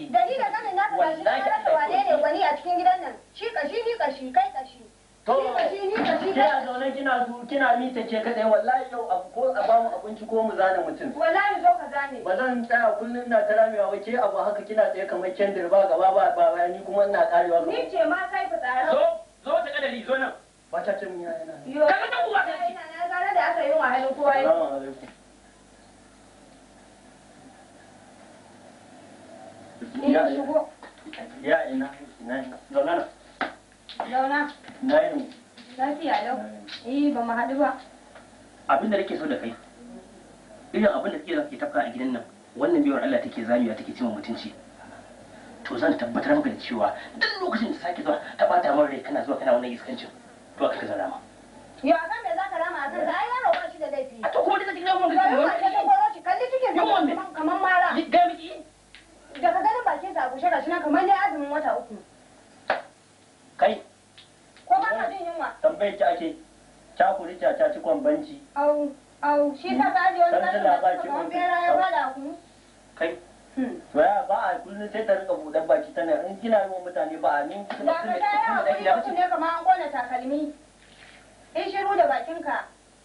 miki da ni na kanin naka ba na rasa wane ne gwani a cikin gidan nan shi kashi ni kashi kai kashi to kina zaune kina su kina mita ce kadai wallahi yau abu ko a bamu abinci ko mu zane mutum wallahi zo ka zane ba zan tsaya kullum ina ta ramewa ba ke abu haka kina tsaye kamar kendir ba gaba ba ba ni kuma ina karewa ni ce ma kai fitsara zo zo ta kadari zo nan ba ta ce mun yana yo kana da uwa kana da aka yi wa halin kowa ya shigo ya ina ina zauna zauna na yi lafiya lau eh ba mu haɗu ba abinda nake so da kai irin abinda kike zaka tafka a gidan nan wannan biyar Allah take zamiya take cin mutunci to zan tabbatar maka da cewa duk lokacin da sake zuwa ta bata min rai kana zuwa kana wannan iskancin to aka zan rama yo akan me zaka rama akan ka ai yaro ba shi da laifi a to kuma da kike mun ga mun kalli kike kamar mara ga miki bakin bushe kamar dai azumin wata uku kai ko ba ka jin yunwa tambayar ki ake ta kuri ta ta ci kwambanci au au shi ta ka aje wani kasu da kuma bera ya fada ku kai Waya hmm. ba a kullum sai ta rika buɗar baki tana in kina yi wa mutane ba a nin kuma kuma da gida ba ce. ne kamar an kona takalmi. In shiru da bakinka.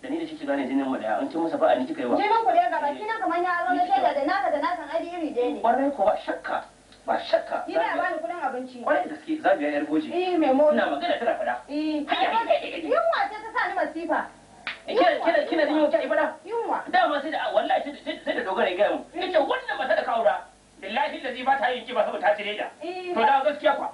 Da ni da shi jinin mu an masa ba a ni kika yi wa. Jinin ku ga baki na kamar ya aro na shaida da naka da shakka. ba shakka yi da bani kudin abinci kwarai gaske za biya yar goje eh mai mota ina magana tana fada eh yunwa ce ta sa ni masifa eh, kina kina kina jin yunwa kai fada yunwa dama sai da wallahi sai da dogara ya mu eh. yace wannan mata da kaura billahi lazi ba ta yin kiba saboda ta tire da eh. to da gaskiya kwa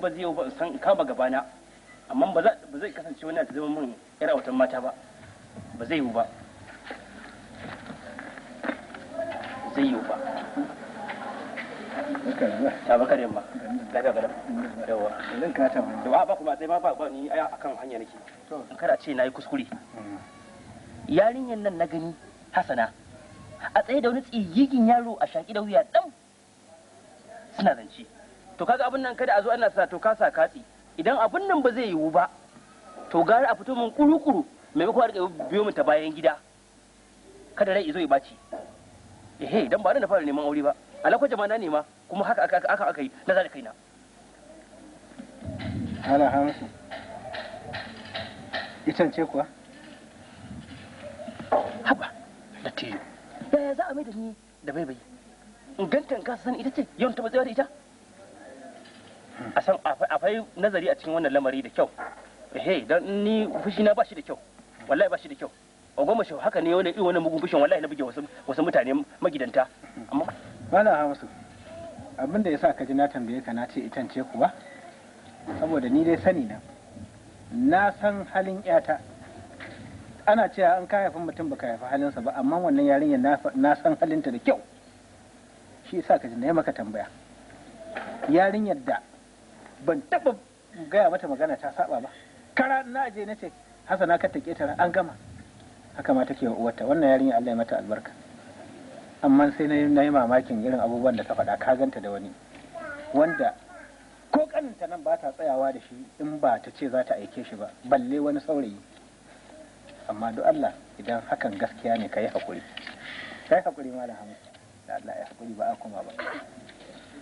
ba zai yau ba san kama gaba na amma ba zai kasance wani ta zama mun yar autan mata ba ba zai yiwu ba zai yiwu ba ta ba kare ma lafiya gadam yawa zan ka ta ba ba kuma sai ma ba ba ni aya akan hanya nake to kada ce nayi kuskure mm. yarinyan nan na gani hasana a tsaye da wani tsigigin yaro a shaki da wuya dan suna zance to kaga abin nan kada a zo ana sa to ka sa katsi idan abin nan ba zai yiwu ba to gari a fito mun kuru-kuru maimakon a biyo mu ta bayan gida kada rai izo ya baci ehe dan ba na fara neman aure ba alako jama'a na nema kuma haka aka aka aka yi na zalika kaina hala hamsu itan ce kuwa haba da tiyo yaya za a mai da ni da bai in gantan ka san ita ce yawan taba tsayar da ita a san akwai nazari a cikin wannan lamari da kyau he dan ni fushi na bashi da kyau wallahi bashi da kyau goma shi haka ne wani wani mugun fushin wallahi na buge wasu wasu mutane magidanta amma ha hausu abin da yasa ka ji na tambaye ka na ce itance kuwa saboda ni dai sani na na san halin yata ana cewa an ka haifi mutum baka haifi halinsa ba amma wannan yarinya na san halinta da kyau shi yasa ka ji na yi maka tambaya yarinyar da ban taɓa gaya mata magana ta saba ba kara na je na ce hasana ka take ta an gama haka ma take wa uwarta wannan yarinya Allah ya mata albarka amma sai na yi mamakin irin abubuwan da ta faɗa ka ganta da wani wanda ko kaninta nan ba ta tsayawa da shi in ba ta ce za ta aike shi ba balle wani saurayi amma duk Allah idan hakan gaskiya ne ka yi kai ka yi malam da Allah ya hakuri ba a koma ba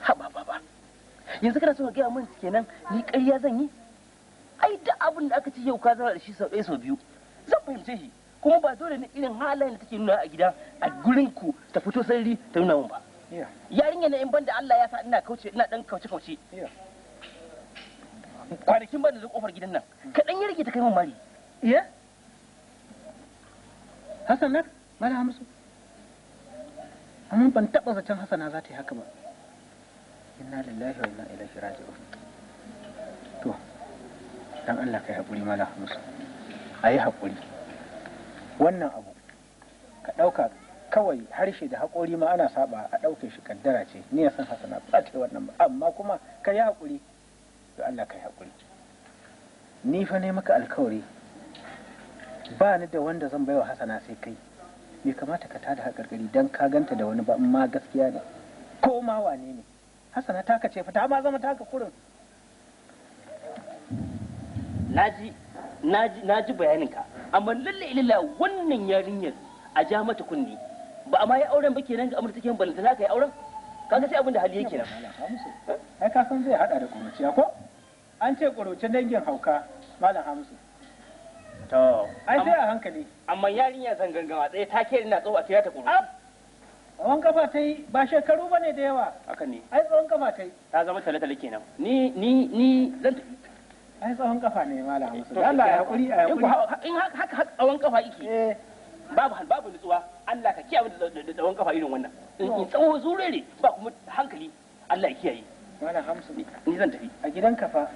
ha ba ba yanzu kana so ka gaya min kenan ni ƙarya zan yi ai da abin da aka ce yau ka zama da shi sau ɗaya sau biyu zan fahimce shi kuma ba dole ne irin halayen da take nuna a gida a gurin ku ta fito sarari ta nuna min ba yarinya na in banda Allah ya sa ina kauce ina dan kauce kauce kwanakin ban da zo kofar gidan nan kaɗan ya rage ta kai min mari ya Hassan na, mala Hamisu amma ban taba zaton Hassana za ta yi haka ba inna lillahi wa inna ilaihi raji'un to dan Allah kai hakuri mala musu ayi hakuri wannan abu ka dauka kawai harshe da hakuri ma ana saba a ɗauke shi kaddara ce ni ya san hasana ba wannan amma kuma ka yi hakuri to Allah ka yi ni fa ne maka alkawari ba ni da wanda zan baiwa hasana sai kai me kamata ka tada haƙarƙari dan ka ganta da wani ba amma gaskiya ne ko ma wane ne hasana taka ce fita ma zama taka kurin naji naji naji bayaninka amma lalle ilalla wannan yarinyar a ja mata kunni ba amma ya auren ba kenan ga amurta kenan balanta ka ya auren kaga sai abin da hali yake nan ai ka san zai hada da kuruciya ko an ce kurucin dangin hauka malam hamisu to ai sai a hankali amma yarinya zan gangawa tsaye take ina tsawo a kira ta kuruci tsawon kafa ta yi ba shekaru ba ne da yawa haka ne ai tsawon kafa ta yi ta zama tale tale kenan ni ni ni zan ai tsawon kafa ne malam musu Allah ya hakuri a hakuri in haka haka tsawon kafa yake eh. babu babu nutsuwa Allah ka kiyaye da tsawon kafa irin wannan in tsawo zurere ba kuma hankali Allah ya kiyaye malam hamsu ni zan tafi a gidan kafa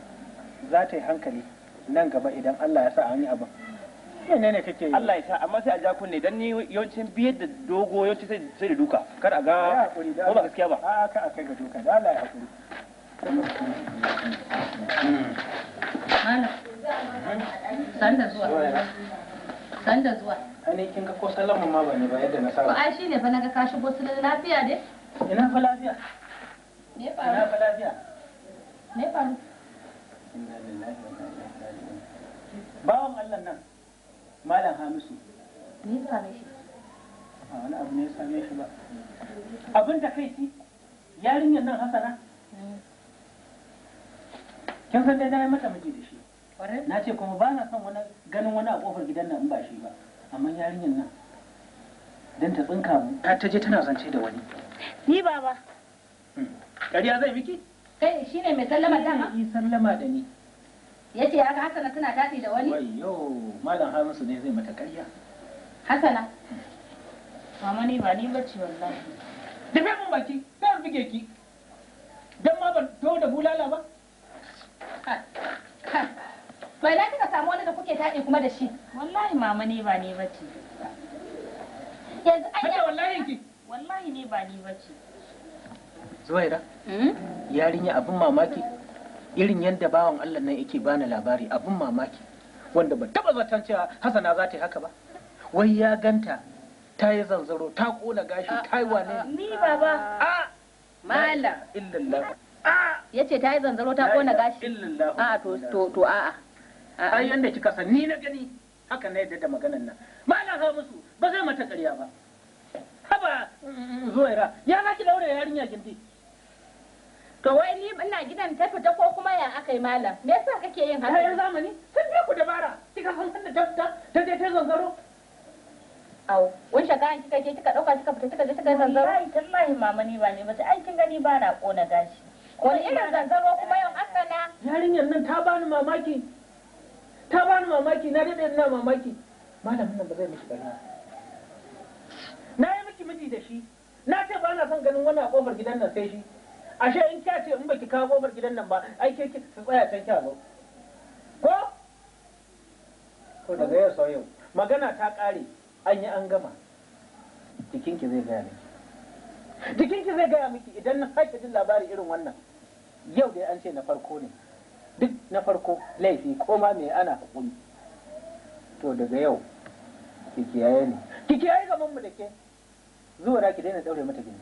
za ta yi hankali nan gaba idan Allah ya sa an yi abin ne ne kake yi Allah ya sa amma sai a ja kunne dan ni yawancin biyar da dogo yawancin sai sai da duka kar a ga ko ba gaskiya ba a ka a kai ga duka da Allah ya hakuri sanda zuwa. Sanda zuwa. ne kin ga ko sallama ma ba ne ba yadda na saba. Ko ai shine fa naga ka shigo su lafiya dai. Ina fa lafiya. ne. fa Ina fa lafiya. Ne faru? Bawan Allah nan. malam hamisu ne ya same shi a wani abu ne ya same shi ba abin da kai ci yarinyar nan hasana mm. kin san dai na yi mata miji da shi na ce kuma ba na son wani ganin wani a kofar gidan nan ba shi ba amma yarinyar nan dan ta tsinka mu ta ta je tana zance da wani ni baba hmm. ƙarya zai miki kai shine mai sallama dama sallama da ni ya ce ya ga hasana suna daɗi da wani wayo malam hamisu ne zai mata karya hasana hmm. mama ni ba ni bacci wallahi da bai mun baki zan buge ki dan ma ban to da bulala ba bai na kika samu wani da kuke taɗe kuma da shi wallahi mama ne ba ni bacci yanzu an yi wallahi ki wallahi ne ba ni bacci zuwaira hmm? yarinya abin mamaki irin yadda bawan Allah nan yake bani labari abin mamaki wanda ba taba zaton cewa Hassana za ta yi haka ba wai ya ganta ta yi zanzaro ta kona gashi ta yi wane ni baba a malam illallah ya ce ta yi zanzaro ta kona gashi illallah a to to to a a ai yanda kika san ni na gani haka na yadda da maganan nan malam ha musu ba zai mata ƙarya ba haba mm, mm, zuwaira ya za ki daure yarinya gindi To wai ni ina gidan ta fita ko kuma ya aka yi malam? Me yasa kake yin haka? Kayan zamani sun fi ku dabara. Kika san da ta fita ta je ta zanzaro. Au, wani shaka an kika je kika dauka kika fita kika je kika zanzaro. Ai tallahi mama ni ba ne ba sai ai kin gani ba na kona gashi. Wani irin zanzaro kuma yau aka na? Yarinyar nan ta bani mamaki. Ta bani mamaki na dade ina mamaki. Malamin nan ba zai miki bari. Na yi miki miji da shi. Na ce ba na son ganin wani a kofar gidan nan sai shi. ashe in kya ce in baki kawo gobar gidan nan ba ai ke ki tsaya can kya zo ko ko daga yau sau yau magana ta kare an yi an gama jikin ki zai gaya miki ki zai gaya miki idan na sake jin labari irin wannan yau dai an ce na farko ne duk na farko laifi koma me ana hukumi to daga yau ki kiyaye ne ki kiyaye gaban mu da ke zuwa ki daina daure mata gini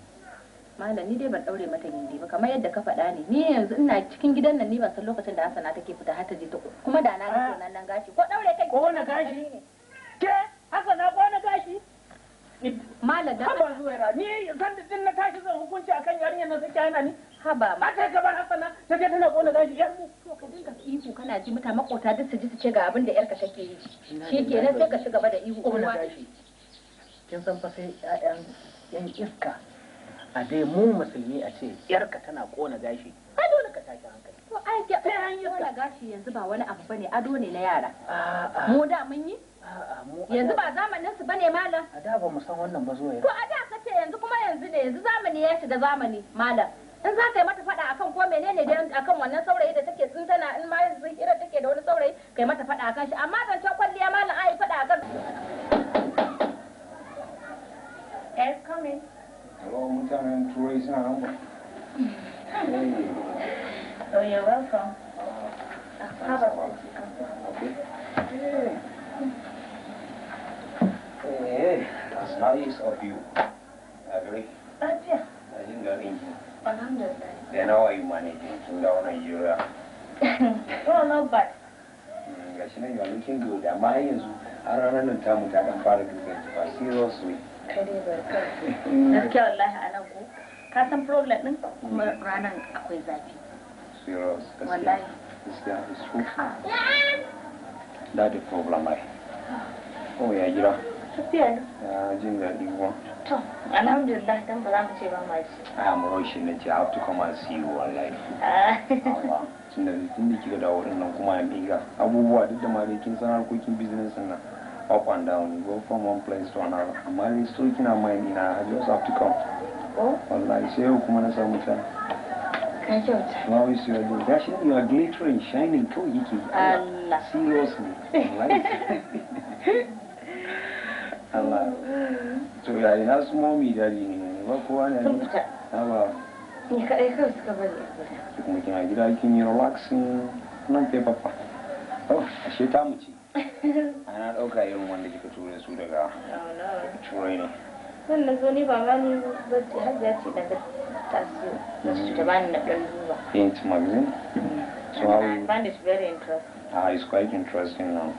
malam ni dai ban daure mata gindi ba kamar yadda ka faɗa ne ni yanzu ina cikin gidan nan ni ban san lokacin da Hassana take fita har ta je ta kuma da na ga ah. nan nan gashi ko daure kai ko na gashi ke Hassana ko na gashi malam da ba zuwa ni san da din na tashi zan hukunci akan yarinyar nan sai kana ni ba ma ta gaban Hassana ta je tana ko na gashi yar mu to ka dinga ihu kana ji mata makota duk su ji su ce ga abin da yarka take yi shi kenan sai ka shiga gaba da ihu ko na gashi kin san fa sai ƴaƴan yan iska a dai mun musulmi a ce yarka tana kona gashi ai dole ka tashi hankali to ai ga an yi kona gashi yanzu ba wani abu bane ado ne na yara mu da mun yi yanzu ba zamanin su bane malam a da ba mu san wannan ba zuwa to a da ka ce yanzu kuma yanzu ne yanzu zamani ya shiga zamani malam in za ka yi mata fada akan ko menene dai akan wannan saurayi da take tsin tana in ma yanzu hira take da wani saurayi kai mata fada akan shi amma zan ce kwalliya malam ai fada akan Air coming. Hello, Lieutenant Teresa Hey. Oh, you're welcome. Uh, How about okay. hey. hey, that's nice of you. Agree? Gracias. I think I'm Indian. And I'm just Then how are you managing to down Nigeria? well, not bad. Gashi mm, nan you are looking good, amma yanzu har ranar nan tamu ta dan fara dukan ki ba seriously. kai gaskiya wallahi a nan ka san problem din kuma ranar akwai zafi wallahi da da problem ai oh, ya jira ya jin daɗi to alhamdulillah dan ba za mu ce ba ma a ah, na ce to tun da tun da kika dawo nan kuma ya miga abubuwa duk da ma dai kin san harkokin business nan up and down, go from one place to another. Amma ni stoikin amma ina, I just have to come. Oh? Allah sai yau kuma na samu ta. Ka kyauta. Na wai su yaji, gashi you are glittering, shining kawai yake. Allah. Seriously, wallahi. Allah. To ya ina su momi dari ne, ba kowa ne. Sun fita. Haba. Ni kaɗai kawai suka bari a gida. Kuma kina gida kin yi relaxing, nan kai Oh, I ta mu ce. ana ɗauka irin wanda kika tura su daga turai ne wannan zo ne ba ma ni ba har ya ce daga tasiri na su ta bani na ɗan duba into magazine mm. so how you find it very interesting ah it's quite interesting now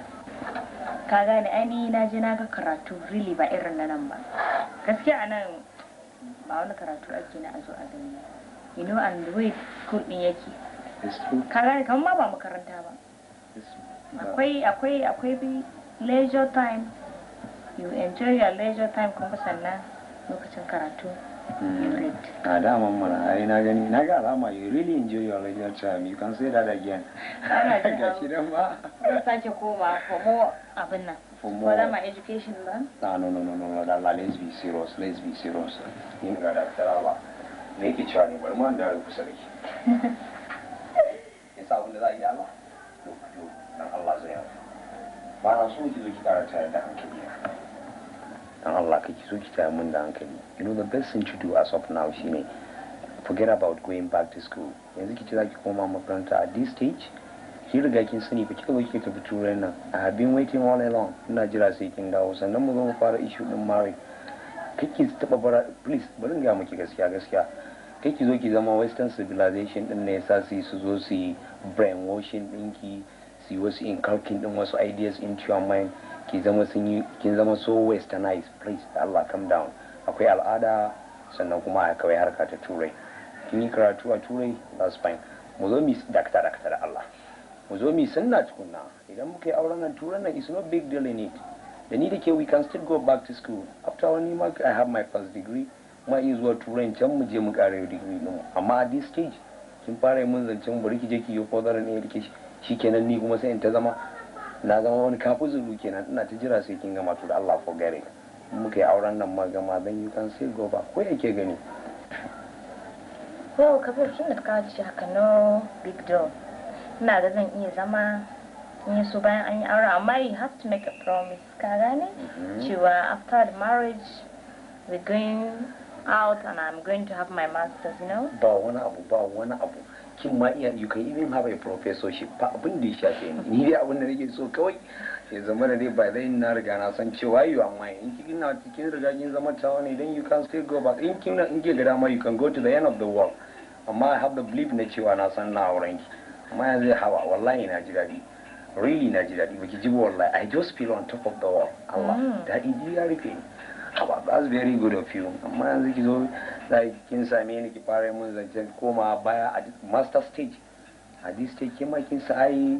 ka gane ainihi na je na ga karatu really ba irin na nan ba gaskiya a nan ba wani karatu ake na a zo a gani you know and the way school din yake ka gane kamar ma ba makaranta ba akwai akwai akwai bi leisure time you enjoy your leisure time kuma sannan lokacin karatu hmm. a ah, daman mana ai na gani na ga alama you really enjoy your leisure time you can say that again ga shi dan ba zan sake koma for more abin nan for more for my education ba ah, no no no no no that let's be serious let's be serious in ga da tarawa me yake cewa ne bari mu da kusa da ki yasa abin za a yi Allah masu yawa ba na so ki zo da hankali Allah ka ki so mun da hankali you know the best thing to do as of now shine forget about going back to school yanzu ki ce za ki koma makaranta at this stage ki riga kin sani ba kika zo kika tafi turai nan i have been waiting all along ina jira sai kin dawo sannan mu zo mu fara issue din mare kake taba bara please bari ga miki gaskiya gaskiya kake zo ki zama western civilization din ne yasa su zo su yi brainwashing su yi wasu inculking din wasu ideas into your mind ki kin zama so westernized please Allah come down akwai al'ada sannan kuma a kawai harka ta turai kin yi karatu a turai that's fine mu zo mi dakta dakta da Allah mu zo mi sunna tukunna idan muka yi auren nan turan nan is no big deal in it da ni da ke we can still go back to school after all one year I have my first degree ma iya zuwa turai can mu je mu ƙara degree din amma at this stage kin fara yi mun zancen bari ki je ki yi further education shi kenan ni kuma sai in ta zama na zama wani kafin zuru kenan ina ta jira sai kin gama to da Allah for gare muka yi auren nan ma gama dan you can say go ko yake gani wow kafir shi ne ka ji haka no big deal ina ga zan iya zama in yi so bayan an yi aure amma you have to make a promise ka gane mm-hmm. cewa after the marriage we going out and I'm going to have my masters you know ba wani abu ba wani abu kin ma iya you can even have a professorship ba abin da ya shafe ni ni dai abin da nake so kawai ya zama da dai ba zai na riga na san cewa yi wa mine in kin na cikin riga kin zama tawa ne then you can still go back in kin in ke ga ma you can go to the end of the world amma I have the belief na cewa na san na auren ki amma yanzu hawa wallahi na ji daɗi really na ji daɗi baki ji wallahi I just feel on top of the world Allah mm. daɗi ji ya rufe ni haba that's very good of you amma yanzu ki zo like kin same ni ki fara mun zancen koma baya a master stage a this stage ke ma kin sa ai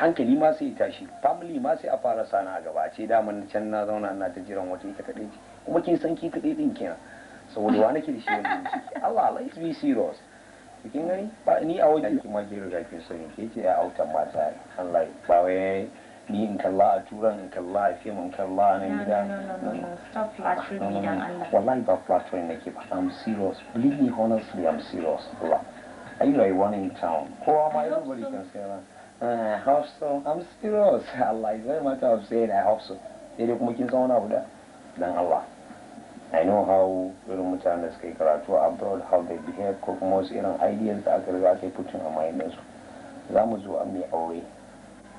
hankali ma sai tashi family ma sai a fara sana a gaba ce daman can na zauna na ta jiran wata ita kadai kuma kin san ki kadai din kenan saboda wa nake da shi ciki? Allah Allah, it's be serious kin gani ba ni a wajen kuma ki riga kin sani ke ce a autan mata Allah ba wai لي الله tura in kalla a fiye mun kalla na gida stop flattery gidan Allah wallahi ba flattery I'm serious believe me honestly I'm serious Allah are you like one in town kowa oh, ma everybody can say that eh, I hope so I'm serious Allah is very much of saying I hope so sai dai kuma kin san wani abu da dan Allah I know how irin mutanen da suka yi karatu abroad how they behave ko kuma wasu irin ideas da aka riga ake putin a mayan su za mu zo an mai aure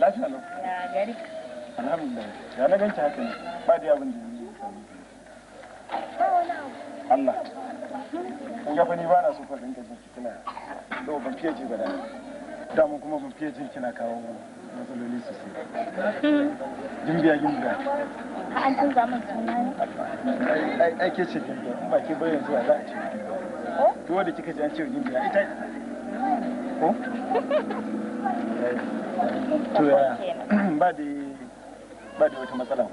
lafiya lau ya gari alhamdulillah ya na ganci haka ne ba da da Allah kun ni ba na so gajin kina ban fiye ji damun kuma ban fiye kina kawo matsaloli an tun ce ba ke bayan zuwa za a ce da kika ji an ce ita ko to ya ba da ba da wata matsala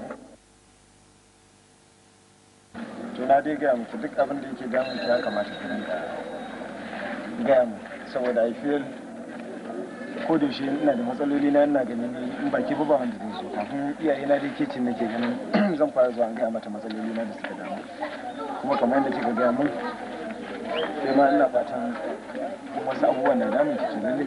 to na dai gaya muku duk abin da yake damun ki ya kamata ki rinka gaya mu saboda i feel ko da yaushe ina da matsaloli na ina ganin in baki ba ba wanda zai so kafin iyaye na dai kicin nake ganin zan fara zuwa gaya mata matsaloli na da suka damu kuma kamar yadda kika gaya mun sai ma ina fatan wasu abubuwan na damun ki ke lalle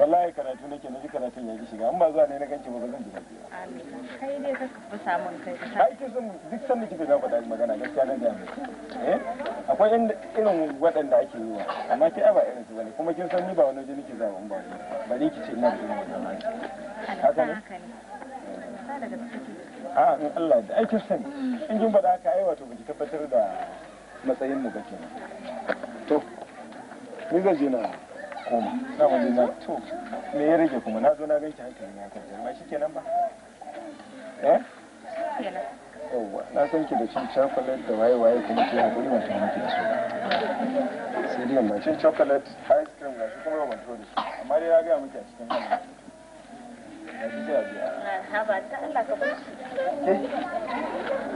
wallahi karatu nake na ji karatun ya shiga an ba zuwa ne na ganki ba ba zan ji ba amin kai ne ka fi samun kai ka aiki kisan duk sanda kike na faɗa magana gaskiya na ga eh akwai irin waɗanda ake yi wa amma ki ai ba irin su bane kuma kin san ni ba wani waje nake zawo ba wani bari ki ce ina da irin haka ne a in Allah da aikin sani in kin faɗa haka ai wato baki tabbatar da matsayin mu ba kenan to ni zan je na koma na wani na to me ya rage kuma na zo na ganki hankali na kan ba shi kenan ba eh yawa na san ki da cin chocolate da waye waye kuma ki hakuri ban ta hankali su ba sai dai mai cin chocolate ice cream ga shi kuma ba tuna da su amma dai ya ga miki a cikin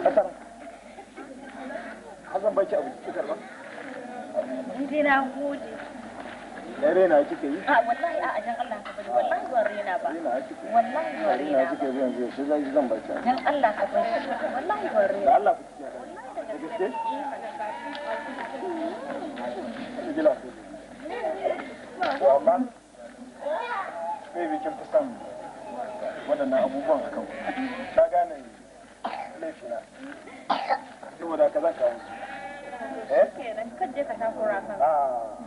nan Hazan baki abu ki karba? Ni dai na gode. dan rena kike yi a wallahi a ajan Allah ka bari wallahi rena ba rena kike wallahi ba. rena rena kike yanzu sai zan dan Allah ka bari wallahi rena Allah ku ci da gaske eh, bi kin abubuwan eh? ka gane saboda ka eh kenan kaje ka kan ah,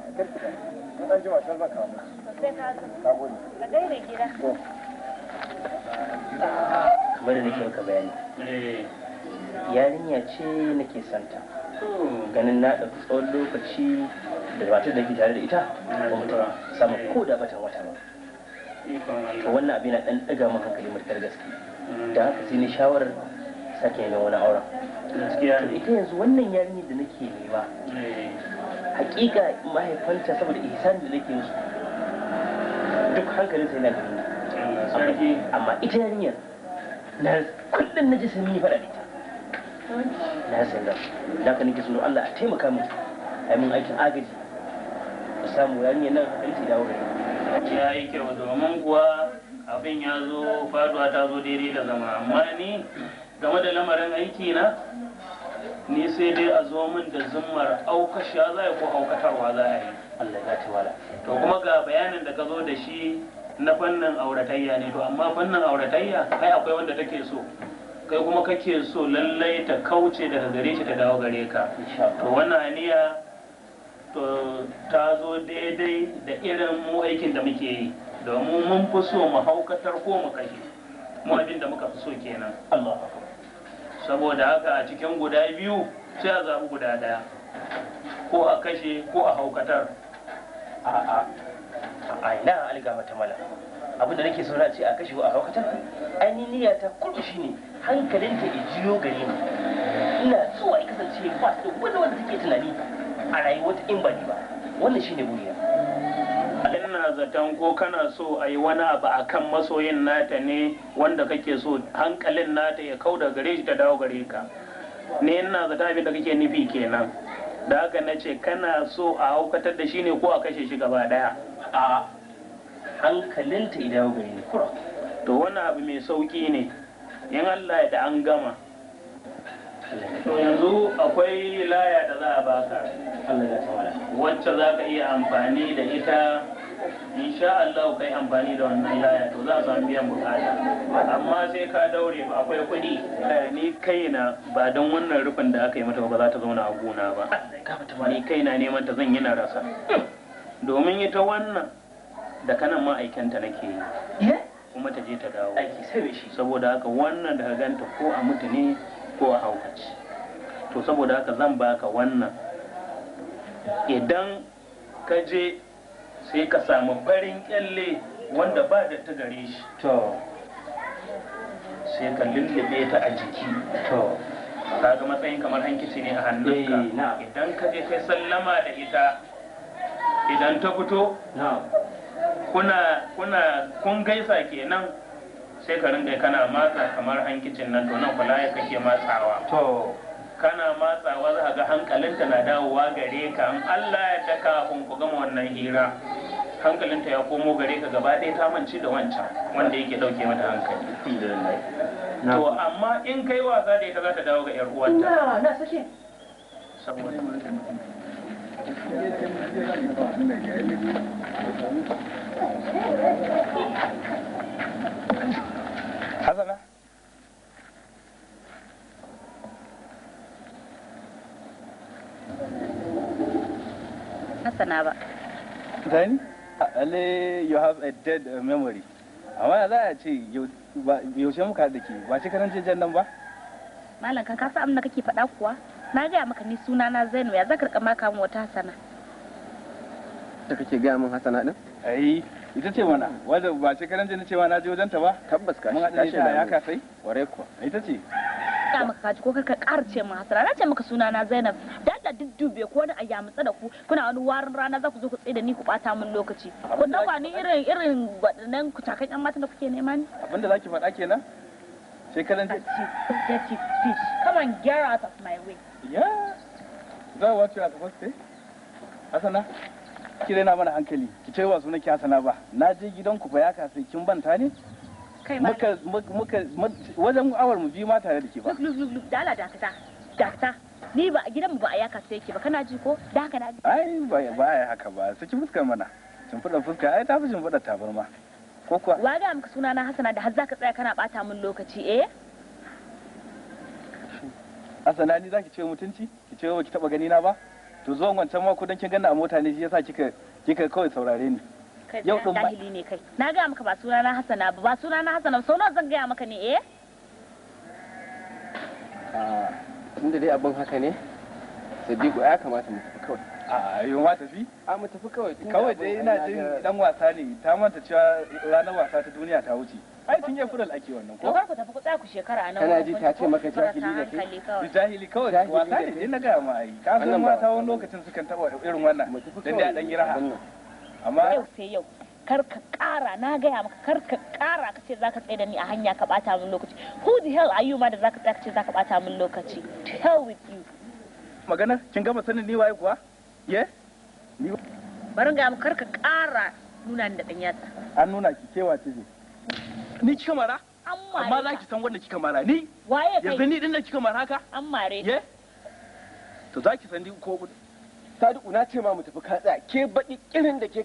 in an jima bayani eh. yarinya ce nake santa hmm. ganin na ɗauki lokaci da matar da tare da ita ba mutum samun ko da wata ba to wannan abin na ɗan ɗaga min hankali matuƙar gaske hmm. da haka sai ni shawarar sake yin wani auren ita yanzu wannan yarinya da nake nema eh. hakika mahaifanta saboda ihsan da nake musu duk hankalin sai na gani amma ita yarinyar na kullum naji sai mini fada da ita na san da da ka nake suno Allah a taimaka min yi mun aikin agaji a samu yarinyar nan hakan ta dawo gari ya yi kyau domin kuwa abin ya zo faduwa ta zo daidai da zama amma ni game da lamarin aiki na ni sai dai a zo min da zummar aukasha za ko aukatarwa za a yi Allah ya ci wala to kuma ga bayanin da ka zo da shi na fannin auratayya ne to amma fannin auratayya kai akwai wanda take so kai kuma kake so lallai ta kauce daga gare shi ta dawo gare ka to wannan aniya to ta zo daidai da irin mu aikin da muke yi domin mun fi so mu haukatar ko mu kashe mu abin da muka fi so kenan Allah saboda haka a cikin guda biyu sai a zaɓi guda ɗaya ko a kashe ko a haukatar a a a ina aliga mata mala abin da nake sauna na ce a kashe ko a haukatar ainihin niyya ta kudu shine hankalinta ya jiyo gare ni ina zuwa ya kasance ba su da wani wanda take tunani a rayuwar in ba ni ba wannan shine burina kana zaton ko kana so a yi wani abu a kan masoyin nata ne wanda kake so hankalin nata ya kau da gare shi ta dawo gare ka ne ina zata abin da kake nufi kenan da haka na ce kana so a haukatar da shi ne ko a kashe shi gaba daya a ta ya dawo gare to wani abu mai sauki ne in Allah da an gama to yanzu akwai laya da za a baka wacce za ka iya amfani da ita insha Allah kai amfani da wannan laya to za a samu biyan bukata amma sai ka daure ba akwai kuɗi eh, ni kaina ba don wannan rufin da aka yi mata ba za ta zauna a gona ba ni kaina neman ta zan yi na rasa domin ita wannan da kanan ma'aikanta nake yi eh? kuma ta je ta dawo saboda haka wannan da ganta ko a mutu ko a haukaci to saboda haka zan baka wannan idan ka je sai ka samu farin kyalle wanda ba da ta gare shi to sai ka lullube ta a jiki to ga matsayin kamar hankici ne a hannunka eh, idan ka je kai sallama da ita idan ta fito kuna kuna kun gaisa kenan sai ka rinka kana matsa kamar hankicin nan to nan kula ya kake matsawa to kana matsawa za ga hankalinta na dawowa gare ka in Allah ya daka kun ku gama wannan hira hankalinta ya komo gare ka gaba ɗaya ta manci da wancan wanda yake dauke mata hankali to amma in kai wasa da ita za ta dawo ga yar uwarta na sake saboda eh, eh, eh. na ba gani ale you have a dead uh, memory amma za a ce yaushe muka da ke ba ce karan jan nan ba malam kan kasa amina kake faɗa kuwa na gaya maka ni suna na zainu ya zaka rika maka mu wata hasana Ta kake gaya min hasana ɗin? ai ita ce mana wanda ba ce karan na cewa na je wajen ta ba tabbas ka mun haɗa shi da ya ka sai ware kuwa ita ce ka maka kaji ko ka ƙara ce min hasana na ce maka suna na zainab dube ko wani aya mu tsada ku kuna wani warin rana za ku zo ku tsaye da ni ku bata min lokaci ku taba ni irin irin ku takan yan matan da kuke nema ni abinda zaki faɗa kenan shekaran da dirty fish come and get out of my way yeah za wa ci a kafas sai asana ki na mana hankali ki ce wa sunan ki asana ba na je gidan ku fa ya kasai kin banta ne muka muka wajen awar mu biyu ma tare da ke ba look look look dala dakata dakata ni ba a gidan ba a yaka sai ke ba kana ji ko da haka na ai ba ya haka ba saki fuskar mana shimfiɗa fuska ai tafi shimfiɗa tabarma ko kuwa wa ga maka suna na hasana da har zaka tsaya kana bata min lokaci eh hasana ni zaki ce mutunci ki ce ba ki taba gani na ba to zuwan wancan mako dan kin ganna a mota ne shi yasa kika kika kawai saurare ni yau din ba ne kai na ga maka ba suna na hasana ba ba suna na hasana sau nawa zan gaya maka ne eh ah. tunda dai abin haka ne sadiku ya kamata mu tafi kawai a yi ma tafi a mu tafi kawai kawai dai ina jin dan wasa ne ta manta cewa ranar wasa ta duniya ta wuce ai tun april ake wannan ko ku tafi ku ku shekara a nan kana ji ta ce maka jahili da kai jahili kawai wasa ne dai na ga ma ai ka san mata wani lokacin sukan taba irin wannan dan da dan yi raha amma yau sai yau kar ka kara na gaya maka kar ka kara ka ce zaka tsaye da ni a hanya ka bata min lokaci who the hell are you ma da zaka tsaya ka ce zaka bata min lokaci to hell with you magana kin gama sanin ni waye kuwa ye ni bari ga maka karka ka kara nuna ni da dan yatsa an nuna ki kewa ce ni kika mara amma za ki san wanda kika mara ni waye kai yanzu ni din da kika mara ka an mare ye to za ki san ni ko ta na ce ma mu tafi ka tsaya ke baki kirin da ke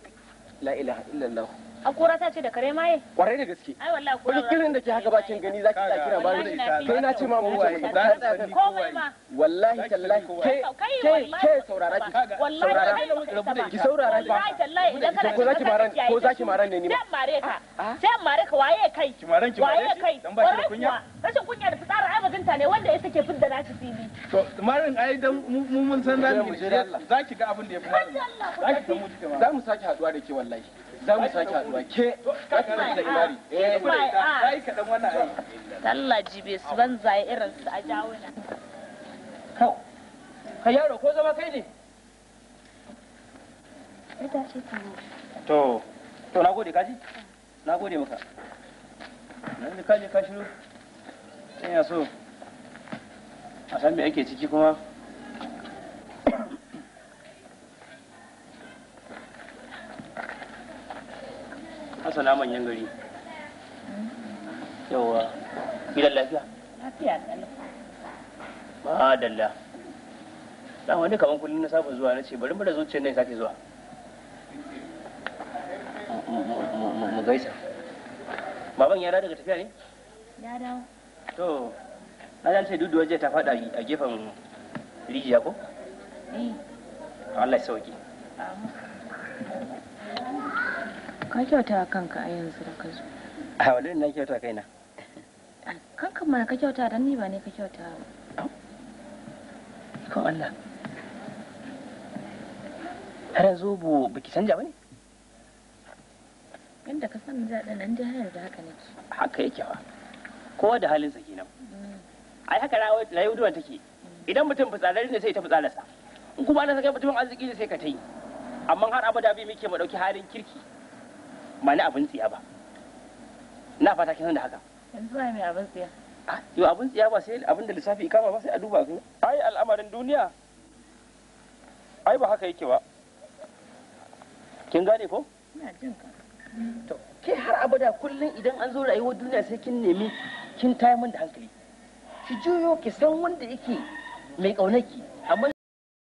لا إله إلا الله Akura ta ce da kare maye? Kwarai da gaske. Ai wallahi akura. Duk da ke haka bakin gani za ki ta kira ba ni. Kai na ce ma mu waye. Komai ma. Wallahi tallahi kai kai kai saurara ki. Saurara ki saurara ki. Wallahi tallahi idan kana ko zaki maran ko zaki maran ne ni ma. Sai mare ka. Ah, ah. Sai mare ka waye kai. Ki maran ki Waye kai. Dan ba kunya. Rashin kunya da fitsara ai bazinta ne wanda ya sake fidda na ci To marin ai dan mu mun san za ki ga abin da ya fi. Za ki ga mu. Za mu sake haduwa da ke wallahi. za mu sake haɗuwa ke za ki da imari eh za yi kaɗan wannan ayi Allah jibe su banza ya irin su a jawuna kau ka yaro ko zama kai ne to to na gode kaji na gode maka na kaji ka shiru ina so a san me ake ciki kuma ina manyan gari yawa gidan lafiya lafiya ma dalla dan wani kaman kullun na saba zuwa na ce bari mu da zuciyar nan sake zuwa mu gaisa baban yara daga tafiya ne ya dawo to na dan ce duduwa je ta fada a gefen rijiya ko eh Allah ya sauke amin ka kyauta a kanka a yanzu da ka zo a wadda na kyauta kaina kanka mana ka kyauta dan ni ba ne ka kyauta ba ikon Allah har yanzu bu biki canja ba ne yadda ka san zaɗa nan da hanyar da haka nake haka yake ba kowa da halin saki nan mm. ai haka rayuwar duwan take idan mutum fitsararri ne sai ta fitsararsa in kuma ana saka mutumin arziki ne sai ka ta yi amma har abada bi muke mu ɗauki halin kirki ba na abin tsiya ba na fata kin san da haka yanzu ai mai abin tsiya ah, yau abin tsiya ba sai abin da lissafi kama ba sai a duba ku ai al'amarin duniya ai ba haka yake ba kin gane ko to ke har abada kullum idan an zo rayuwar duniya sai kin nemi kin tayar da hankali ki juyo ki san wanda yake mai kaunaki amma